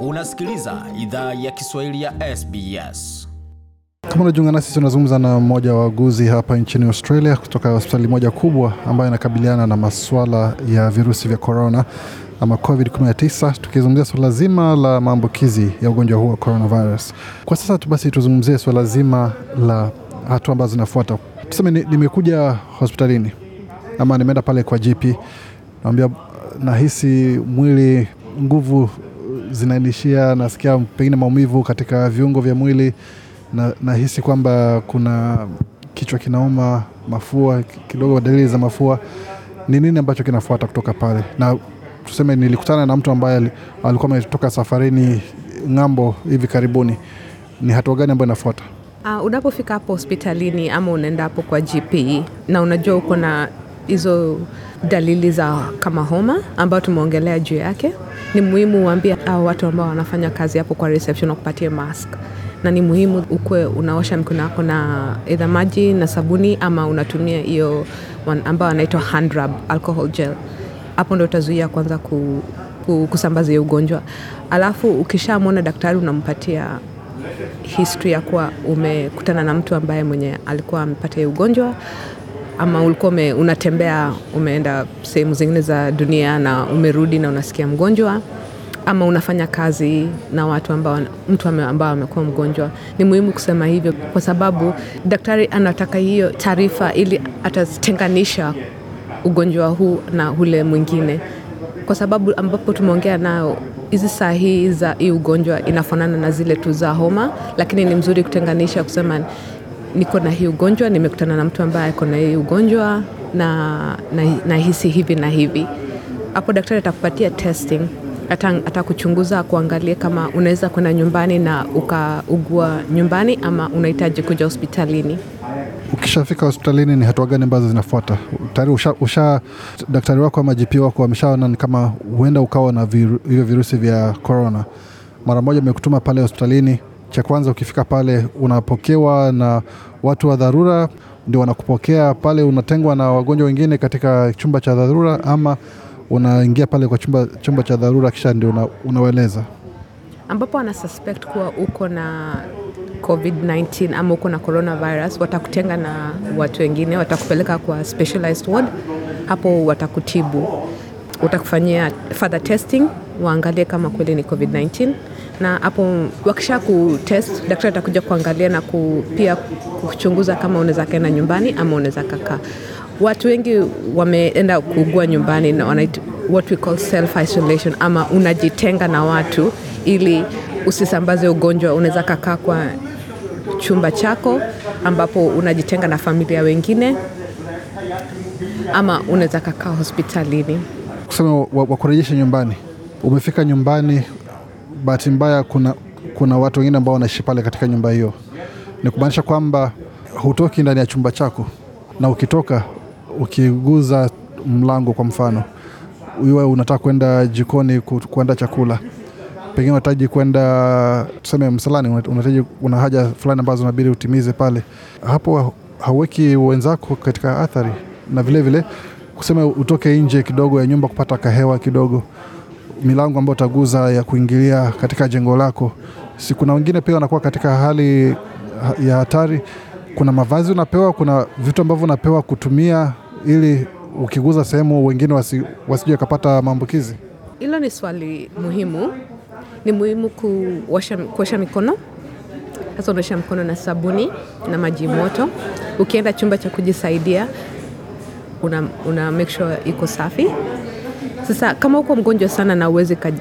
Unasikiliza idhaa ya Kiswahili ya SBS. Kama unajiunga nasi, tunazungumza na mmoja wa wauguzi hapa nchini Australia kutoka hospitali moja kubwa ambayo inakabiliana na masuala ya virusi vya korona ama COVID-19, tukizungumzia suala zima la maambukizi ya ugonjwa huu wa coronavirus. Kwa sasa tu basi tuzungumzie suala zima la hatua ambazo zinafuata. Tuseme nimekuja hospitalini ama nimeenda pale kwa GP, naambia nahisi mwili nguvu zinanishia, nasikia pengine maumivu katika viungo vya mwili na nahisi kwamba kuna kichwa kinauma, mafua kidogo, dalili za mafua. Ni nini ambacho kinafuata kutoka pale? Na tuseme nilikutana na mtu ambaye alikuwa ametoka safarini ng'ambo hivi karibuni, ni hatua gani ambayo inafuata? Uh, unapofika hapo hospitalini ama unaenda hapo kwa GP na unajua uko na hizo dalili za kama homa ambayo tumeongelea juu yake, ni muhimu uambie au watu ambao wanafanya kazi hapo kwa reception wakupatie mask na ni muhimu ukuwe unaosha mikono yako na edha maji na sabuni ama unatumia hiyo ambayo anaitwa handrub alcohol gel hapo ndo utazuia kwanza ku, ku, kusambaza hiyo ugonjwa alafu ukishamwona daktari unampatia history ya kuwa umekutana na mtu ambaye mwenye alikuwa amepata hiyo ugonjwa ama ulikuwa unatembea umeenda sehemu zingine za dunia na umerudi na unasikia mgonjwa ama unafanya kazi na watu ambao, mtu ambao amekuwa mgonjwa. Ni muhimu kusema hivyo, kwa sababu daktari anataka hiyo taarifa, ili atatenganisha ugonjwa huu na ule mwingine, kwa sababu ambapo tumeongea nao hizi saa hii za hii ugonjwa inafanana na zile tu za homa, lakini ni mzuri kutenganisha kusema niko na hii ugonjwa, nimekutana na mtu ambaye ako na hii ugonjwa na, nahisi na hivi na hivi. Hapo daktari atakupatia testing, atakuchunguza ata kuangalia kama unaweza kwenda nyumbani na ukaugua nyumbani ama unahitaji kuja hospitalini. Ukishafika hospitalini ni hatua gani ambazo zinafuata? Tayari usha, usha daktari wako ama GP wako wameshaona ni kama huenda ukawa na hivyo virusi vya korona, mara moja amekutuma pale hospitalini cha kwanza ukifika pale unapokewa na watu wa dharura, ndio wanakupokea pale. Unatengwa na wagonjwa wengine katika chumba cha dharura, ama unaingia pale kwa chumba, chumba cha dharura, kisha ndio una, unawaeleza ambapo ana suspect kuwa uko na COVID-19 ama uko na coronavirus, watakutenga na watu wengine, watakupeleka kwa specialized ward. Hapo watakutibu, watakufanyia further testing, waangalie kama kweli ni COVID-19 na hapo wakisha kutest, daktari atakuja kuangalia na ku, pia kuchunguza kama unaweza kaenda nyumbani ama unaweza kakaa. Watu wengi wameenda kuugua nyumbani na wana what we call self isolation, ama unajitenga na watu ili usisambaze ugonjwa. Unaweza kakaa kwa chumba chako ambapo unajitenga na familia wengine, ama unaweza kakaa hospitalini. Kusema wakurejesha nyumbani, umefika nyumbani bahati mbaya kuna, kuna watu wengine ambao wanaishi pale katika nyumba hiyo, ni kumaanisha kwamba hutoki ndani ya chumba chako, na ukitoka ukiguza mlango, kwa mfano iwe unataka kwenda jikoni kuenda chakula, pengine unahitaji kwenda tuseme msalani, unahitaji una haja fulani ambazo unabidi utimize pale, hapo hauweki wenzako katika athari, na vilevile vile, kusema utoke nje kidogo ya nyumba kupata kahewa kidogo milango ambayo utaguza ya kuingilia katika jengo lako. Si kuna wengine pia wanakuwa katika hali ya hatari, kuna mavazi unapewa, kuna vitu ambavyo unapewa kutumia ili ukiguza sehemu wengine wasije wakapata maambukizi. Hilo ni swali muhimu. Ni muhimu kuosha mikono, hasa unaosha mikono na sabuni na maji moto. Ukienda chumba cha kujisaidia una, una make sure iko safi. Sasa kama uko mgonjwa sana na uwezi ka,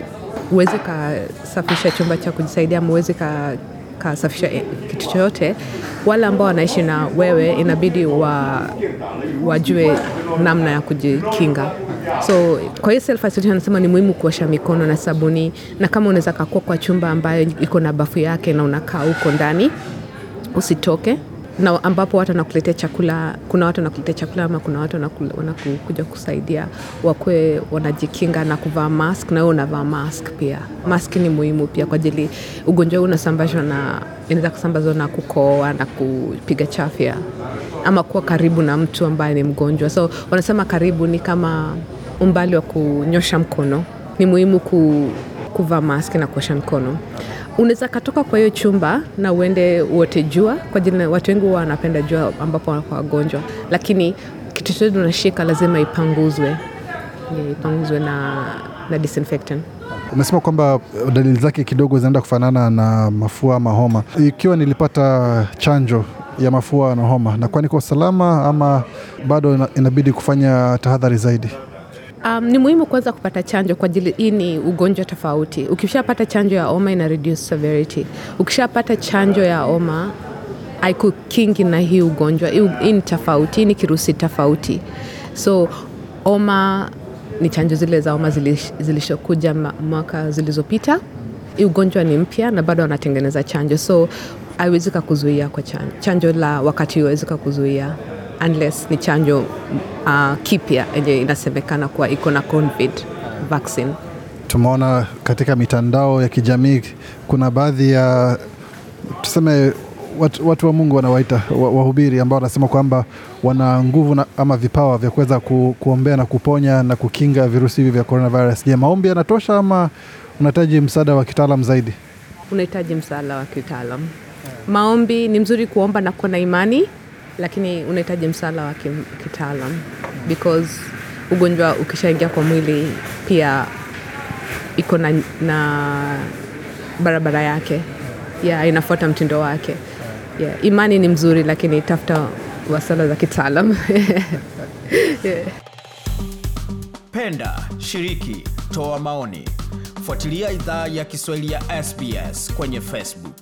uwezi kasafisha chumba cha kujisaidia ama uwezi ka, kasafisha eh, kitu chochote, wale ambao wanaishi na wewe inabidi wa, wajue namna ya kujikinga. So kwa hiyo self isolation anasema ni muhimu kuosha mikono na sabuni, na kama unaweza kakua kwa chumba ambayo iko na bafu yake na unakaa huko ndani, usitoke na ambapo watu wanakuletea chakula, kuna watu wanakuletea chakula ama kuna watu wanakuja kusaidia wakwe wanajikinga na kuvaa mask, na wewe unavaa mask pia. Mask ni muhimu pia kwa ajili ugonjwa huu unasambazwa na, inaweza kusambazwa na kukoa na kupiga chafya ama kuwa karibu na mtu ambaye ni mgonjwa. So wanasema karibu ni kama umbali wa kunyosha mkono, ni muhimu ku, kuvaa mask na kuosha mkono unaweza katoka kwa hiyo chumba na uende uote jua, kwa jina watu wengi huwa wanapenda jua ambapo wanakuwa wagonjwa, lakini kitu chote unashika lazima ipanguzwe, ipanguzwe na, na disinfectant. Umesema kwamba dalili zake kidogo zinaenda kufanana na mafua ama homa. Ikiwa nilipata chanjo ya mafua na homa, na kwani kwa usalama ama bado inabidi kufanya tahadhari zaidi? Um, ni muhimu kwanza kupata chanjo kwa ajili hii ni ugonjwa tofauti. Ukishapata chanjo ya homa ina reduce severity. Ukishapata chanjo ya homa haikukingi na hii ugonjwa. Hii ni tofauti, hii ni kirusi tofauti. So homa ni chanjo zile za homa zilishokuja mwaka zilizopita. Hii ugonjwa ni mpya na bado wanatengeneza chanjo, so haiwezi kukuzuia kwa chanjo. Chanjo la wakati haiwezi kukuzuia unless ni chanjo uh, kipya enye inasemekana kuwa iko na COVID vaccine. Tumeona katika mitandao ya kijamii kuna baadhi ya tuseme watu, watu wa Mungu wanawaita wahubiri ambao wanasema kwamba wana nguvu na, ama vipawa vya kuweza ku, kuombea na kuponya na kukinga virusi hivi vya coronavirus. Je, maombi yanatosha ama unahitaji msaada wa kitaalam zaidi? Unahitaji msaada wa kitaalam. Maombi ni mzuri kuomba na kuwa na imani lakini unahitaji msala wa kitaalam because ugonjwa ukishaingia kwa mwili pia iko na, na barabara yake yeah, inafuata mtindo wake yeah. Imani ni mzuri, lakini tafuta wasala za kitaalam yeah. Penda, shiriki, toa maoni, fuatilia idhaa ya Kiswahili ya SBS kwenye Facebook.